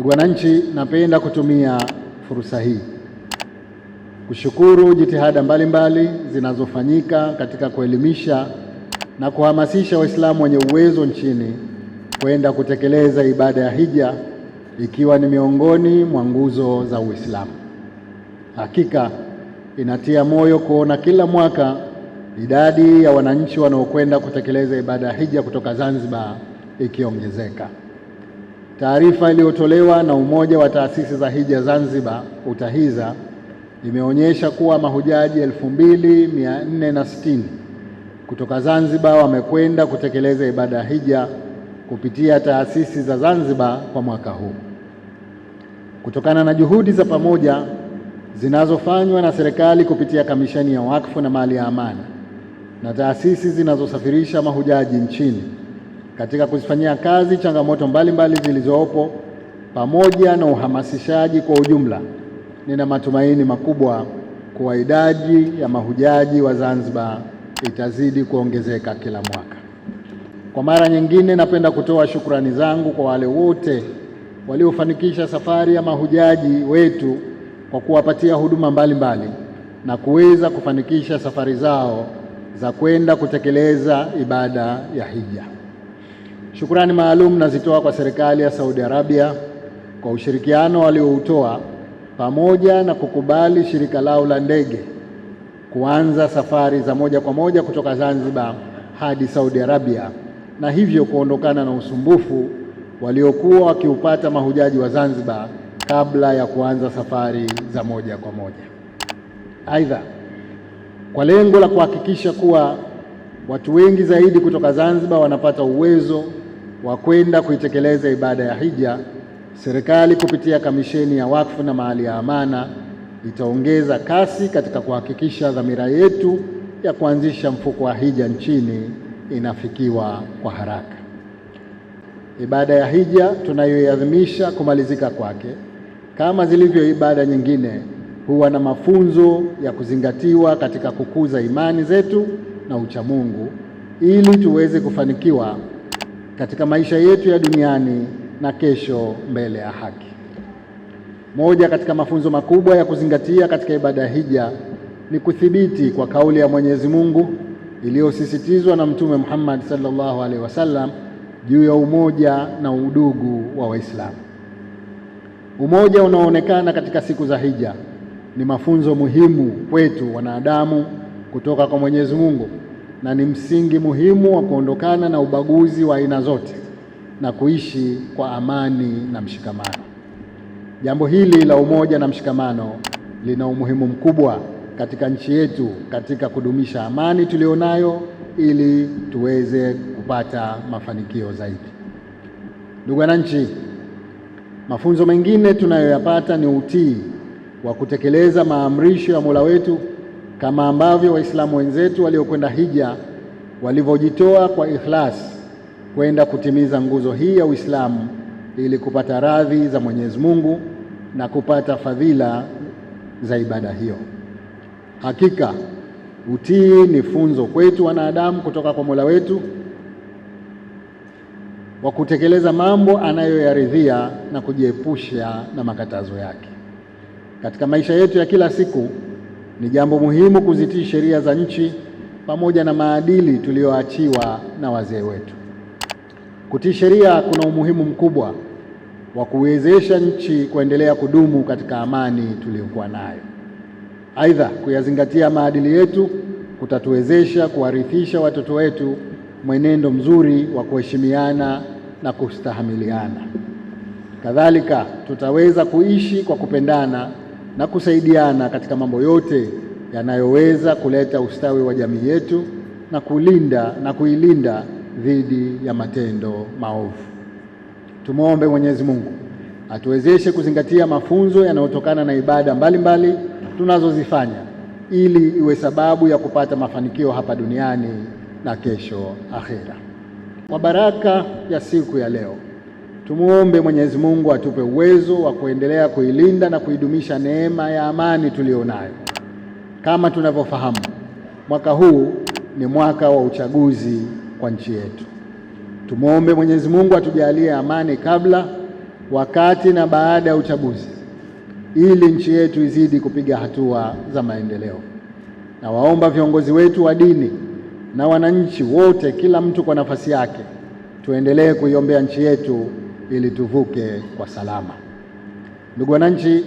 Ndugu wananchi, napenda kutumia fursa hii kushukuru jitihada mbalimbali zinazofanyika katika kuelimisha na kuhamasisha Waislamu wenye uwezo nchini kwenda kutekeleza ibada ya hija ikiwa ni miongoni mwa nguzo za Uislamu. Hakika inatia moyo kuona kila mwaka idadi ya wananchi wanaokwenda kutekeleza ibada ya hija kutoka Zanzibar ikiongezeka. Taarifa iliyotolewa na Umoja wa Taasisi za Hija Zanzibar UTAHIZA imeonyesha kuwa mahujaji 2460 kutoka Zanzibar wamekwenda kutekeleza ibada ya hija kupitia taasisi za Zanzibar kwa mwaka huu. Kutokana na juhudi za pamoja zinazofanywa na serikali kupitia Kamisheni ya Wakfu na Mali ya Amana na taasisi zinazosafirisha mahujaji nchini katika kuzifanyia kazi changamoto mbalimbali zilizopo pamoja na uhamasishaji kwa ujumla, nina matumaini makubwa kuwa idadi ya mahujaji wa Zanzibar itazidi kuongezeka kila mwaka. Kwa mara nyingine, napenda kutoa shukrani zangu kwa wale wote waliofanikisha safari ya mahujaji wetu kwa kuwapatia huduma mbalimbali mbali, na kuweza kufanikisha safari zao za kwenda kutekeleza ibada ya hija. Shukrani maalum nazitoa kwa serikali ya Saudi Arabia kwa ushirikiano walioutoa pamoja na kukubali shirika lao la ndege kuanza safari za moja kwa moja kutoka Zanzibar hadi Saudi Arabia na hivyo kuondokana na usumbufu waliokuwa wakiupata mahujaji wa Zanzibar kabla ya kuanza safari za moja kwa moja. Aidha, kwa lengo la kuhakikisha kuwa watu wengi zaidi kutoka Zanzibar wanapata uwezo wa kwenda kuitekeleza ibada ya hija, serikali kupitia kamisheni ya wakfu na mali ya amana itaongeza kasi katika kuhakikisha dhamira yetu ya kuanzisha mfuko wa hija nchini inafikiwa kwa haraka. Ibada ya hija tunayoiadhimisha kumalizika kwake, kama zilivyo ibada nyingine, huwa na mafunzo ya kuzingatiwa katika kukuza imani zetu na uchamungu ili tuweze kufanikiwa katika maisha yetu ya duniani na kesho mbele ya haki. Moja katika mafunzo makubwa ya kuzingatia katika ibada hija ni kuthibiti kwa kauli ya Mwenyezi Mungu iliyosisitizwa na Mtume Muhammad sallallahu alaihi wasallam juu ya umoja na udugu wa Waislamu. Umoja unaoonekana katika siku za hija ni mafunzo muhimu kwetu wanadamu kutoka kwa Mwenyezi Mungu na ni msingi muhimu wa kuondokana na ubaguzi wa aina zote na kuishi kwa amani na mshikamano. Jambo hili la umoja na mshikamano lina umuhimu mkubwa katika nchi yetu katika kudumisha amani tuliyonayo ili tuweze kupata mafanikio zaidi. Ndugu wananchi, mafunzo mengine tunayoyapata ni utii wa kutekeleza maamrisho ya Mola wetu kama ambavyo Waislamu wenzetu waliokwenda hija walivyojitoa kwa ikhlas kwenda kutimiza nguzo hii ya Uislamu ili kupata radhi za Mwenyezi Mungu na kupata fadhila za ibada hiyo. Hakika utii ni funzo kwetu wanadamu kutoka kwa Mola wetu wa kutekeleza mambo anayoyaridhia na kujiepusha na makatazo yake katika maisha yetu ya kila siku. Ni jambo muhimu kuzitii sheria za nchi pamoja na maadili tuliyoachiwa na wazee wetu. Kutii sheria kuna umuhimu mkubwa wa kuwezesha nchi kuendelea kudumu katika amani tuliyokuwa nayo. Aidha, kuyazingatia maadili yetu kutatuwezesha kuwarithisha watoto wetu mwenendo mzuri wa kuheshimiana na kustahamiliana. Kadhalika, tutaweza kuishi kwa kupendana na kusaidiana katika mambo yote yanayoweza kuleta ustawi wa jamii yetu na kulinda na kuilinda dhidi ya matendo maovu. Tumwombe Mwenyezi Mungu atuwezeshe kuzingatia mafunzo yanayotokana na ibada mbalimbali tunazozifanya ili iwe sababu ya kupata mafanikio hapa duniani na kesho akhera. Kwa baraka ya siku ya leo Tumuombe Mwenyezi Mungu atupe uwezo wa kuendelea kuilinda na kuidumisha neema ya amani tuliyonayo. Kama tunavyofahamu, mwaka huu ni mwaka wa uchaguzi kwa nchi yetu. Tumuombe Mwenyezi Mungu atujalie amani kabla, wakati na baada ya uchaguzi ili nchi yetu izidi kupiga hatua za maendeleo. Nawaomba viongozi wetu wa dini na wananchi wote, kila mtu kwa nafasi yake, tuendelee kuiombea nchi yetu ili tuvuke kwa salama. Ndugu wananchi,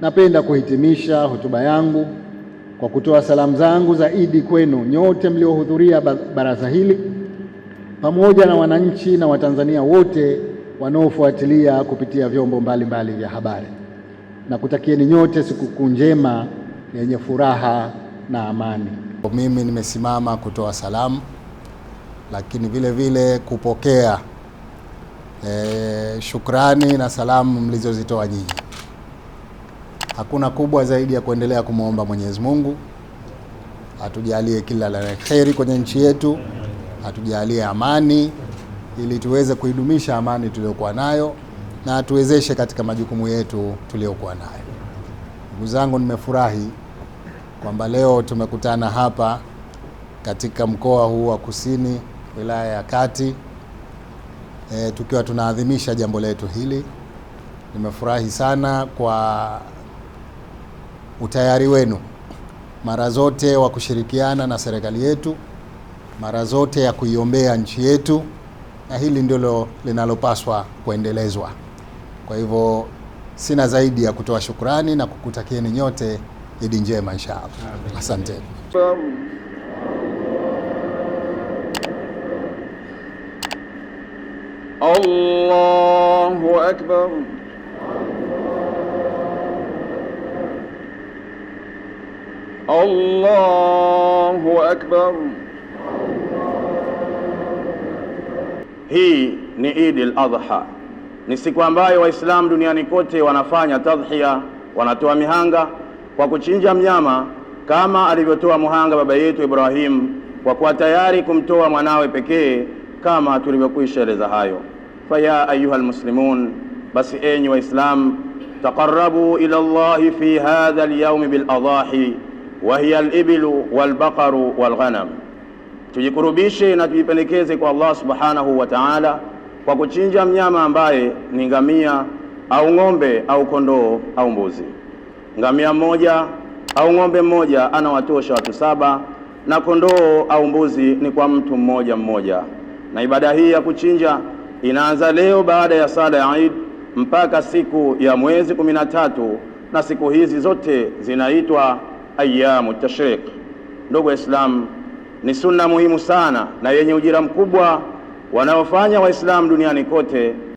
napenda kuhitimisha hotuba yangu kwa kutoa salamu zangu za Idi kwenu nyote mliohudhuria baraza hili pamoja na wananchi na Watanzania wote wanaofuatilia kupitia vyombo mbalimbali vya habari. na kutakieni nyote sikukuu njema yenye furaha na amani. Mimi nimesimama kutoa salamu, lakini vile vile kupokea e, shukrani na salamu mlizozitoa nyinyi. Hakuna kubwa zaidi ya kuendelea kumwomba Mwenyezi Mungu atujalie kila la kheri kwenye nchi yetu, atujalie amani ili tuweze kuidumisha amani tuliyokuwa nayo na atuwezeshe katika majukumu yetu tuliyokuwa nayo. Ndugu zangu, nimefurahi kwamba leo tumekutana hapa katika mkoa huu wa Kusini, wilaya ya Kati e, tukiwa tunaadhimisha jambo letu hili. Nimefurahi sana kwa utayari wenu mara zote wa kushirikiana na serikali yetu mara zote ya kuiombea nchi yetu, na hili ndilo linalopaswa kuendelezwa. Kwa hivyo sina zaidi ya kutoa shukrani na kukutakieni nyote Idi njema inshallah. Asanteni. Allahu akbar. Allahu akbar. Hii ni Idi al ni siku ambayo Waislamu duniani kote wanafanya tadhhia wanatoa mihanga kwa kuchinja mnyama kama alivyotoa muhanga baba yetu Ibrahimu kwa kuwa tayari kumtoa mwanawe pekee kama tulivyokwisha eleza hayo. Faya ayuha lmuslimun basi enyi waislam taqarabu ila Allahi fi hadha lyaumi biladahi wa hiya alibilu walbaqaru walghanam, tujikurubishe na tujipendekeze kwa Allah subhanahu wa ta'ala kwa kuchinja mnyama ambaye ni ngamia au ng'ombe au kondoo au mbuzi. Ngamia mmoja au ng'ombe mmoja anawatosha watu saba, na kondoo au mbuzi ni kwa mtu mmoja mmoja. Na ibada hii ya kuchinja inaanza leo baada ya sala ya Eid mpaka siku ya mwezi kumi na tatu, na siku hizi zote zinaitwa ayamu tashriq. Ndugu Waislamu, ni sunna muhimu sana na yenye ujira mkubwa wanaofanya Waislamu duniani kote